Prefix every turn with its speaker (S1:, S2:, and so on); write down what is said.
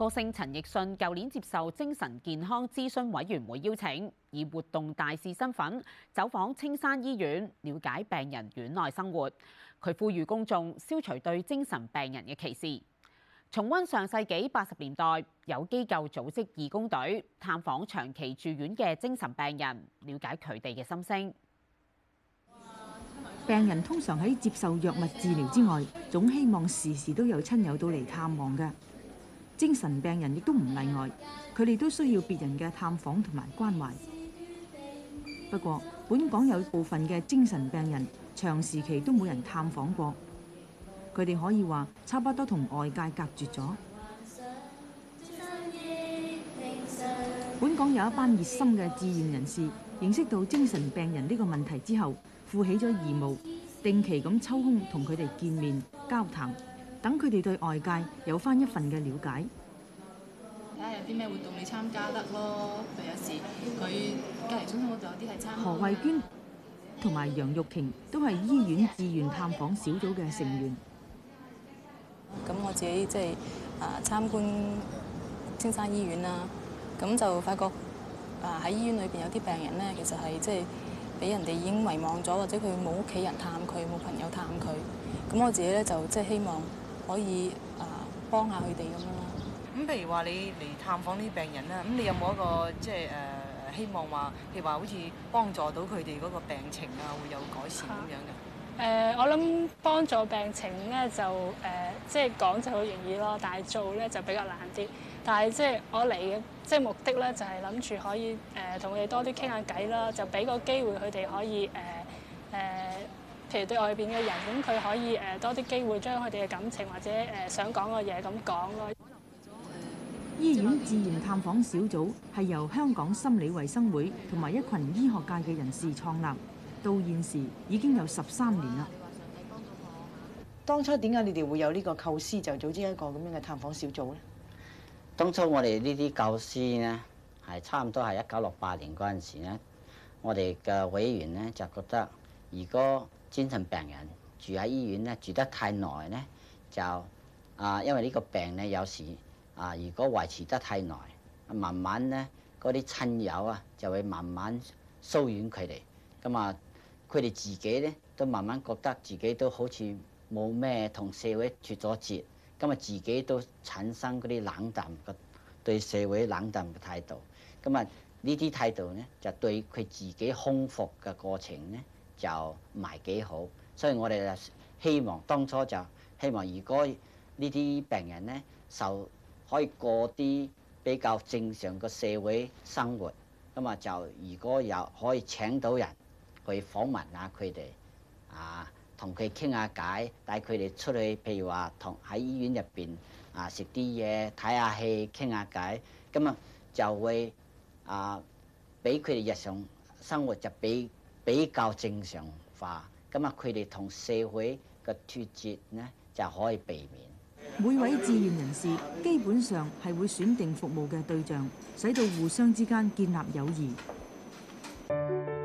S1: 歌星陳奕迅舊年接受精神健康諮詢委員會邀請，以活動大使身份走訪青山醫院，了解病人院內生活。佢呼籲公眾消除對精神病人嘅歧視。重溫上世紀八十年代，有機構組織義工隊探訪長期住院嘅精神病人，了解佢哋嘅心聲。
S2: 病人通常喺接受藥物治療之外，總希望時時都有親友到嚟探望㗎。精神病人亦都唔例外，佢哋都需要別人嘅探訪同埋關懷。不過，本港有部分嘅精神病人長時期都冇人探訪過，佢哋可以話差不多同外界隔絕咗。
S3: 本港有
S2: 一班熱心嘅志願人士認識到精神病人呢個問題之後，負起咗義務，定期咁抽空同佢哋見面、交談。等佢哋對外界有翻一份嘅了解。
S3: 睇下有啲咩活動你參加得咯。就有時佢隔離中心嗰度有啲係參，何慧
S2: 娟同埋楊玉瓊都係醫院志願探訪小組嘅成員。
S3: 咁我自己即係啊參觀青山醫院啦，咁就發覺啊喺醫院裏邊有啲病人咧，其實係即係俾人哋已經遺忘咗，或者佢冇屋企人探佢，冇朋友探佢。咁我自己咧就即係希望。可以誒、啊、幫下佢哋咁樣咯。
S2: 咁譬如話你嚟探訪啲病人啦，咁你有冇一個即係誒希望話，譬如話好似幫助到佢哋嗰個病情啊，會有改善咁樣嘅？
S3: 誒、啊呃，我諗幫助病情咧就誒，即係講就好、是、容易咯，但係做咧就比較難啲。但係即係我嚟嘅即係目的咧、呃，就係諗住可以誒同佢哋多啲傾下偈啦，就俾個機會佢哋可以誒。呃其實對外邊嘅人，咁佢
S2: 可以誒多啲機會將佢哋嘅感情或者誒想講嘅嘢咁講咯。醫院自然探訪小組係由香港心理衛生會同埋一群醫學界嘅人士創立，到現時已經有十三年啦。當初點解你哋會有呢個構思，就組織一個咁樣嘅探訪小組咧？
S4: 當初我哋呢啲構思呢，係差唔多係一九六八年嗰陣時咧，我哋嘅委員呢，就覺得如果精神病人住喺醫院咧，住得太耐咧，就啊，因為呢個病咧，有時啊，如果維持得太耐，慢慢咧，嗰啲親友啊，就會慢慢疏遠佢哋。咁啊，佢哋自己咧，都慢慢覺得自己都好似冇咩同社會脫咗節，咁啊，自己都產生嗰啲冷淡嘅對社會冷淡嘅態度。咁啊，呢啲態度咧，就對佢自己康復嘅過程咧，就唔係幾好，所以我哋就希望當初就希望，如果呢啲病人呢，就可以過啲比較正常嘅社會生活，咁啊就如果有可以請到人去訪問下佢哋，啊同佢傾下偈，帶佢哋出去，譬如話同喺醫院入邊啊食啲嘢，睇下戲，傾下偈，咁啊就會啊俾佢哋日常生活就俾。比較正常化，咁啊，佢哋同社會嘅脫節呢，就可以避免。
S2: 每位志願人士基本上係會選定服務嘅對象，使到互相之間建立友誼。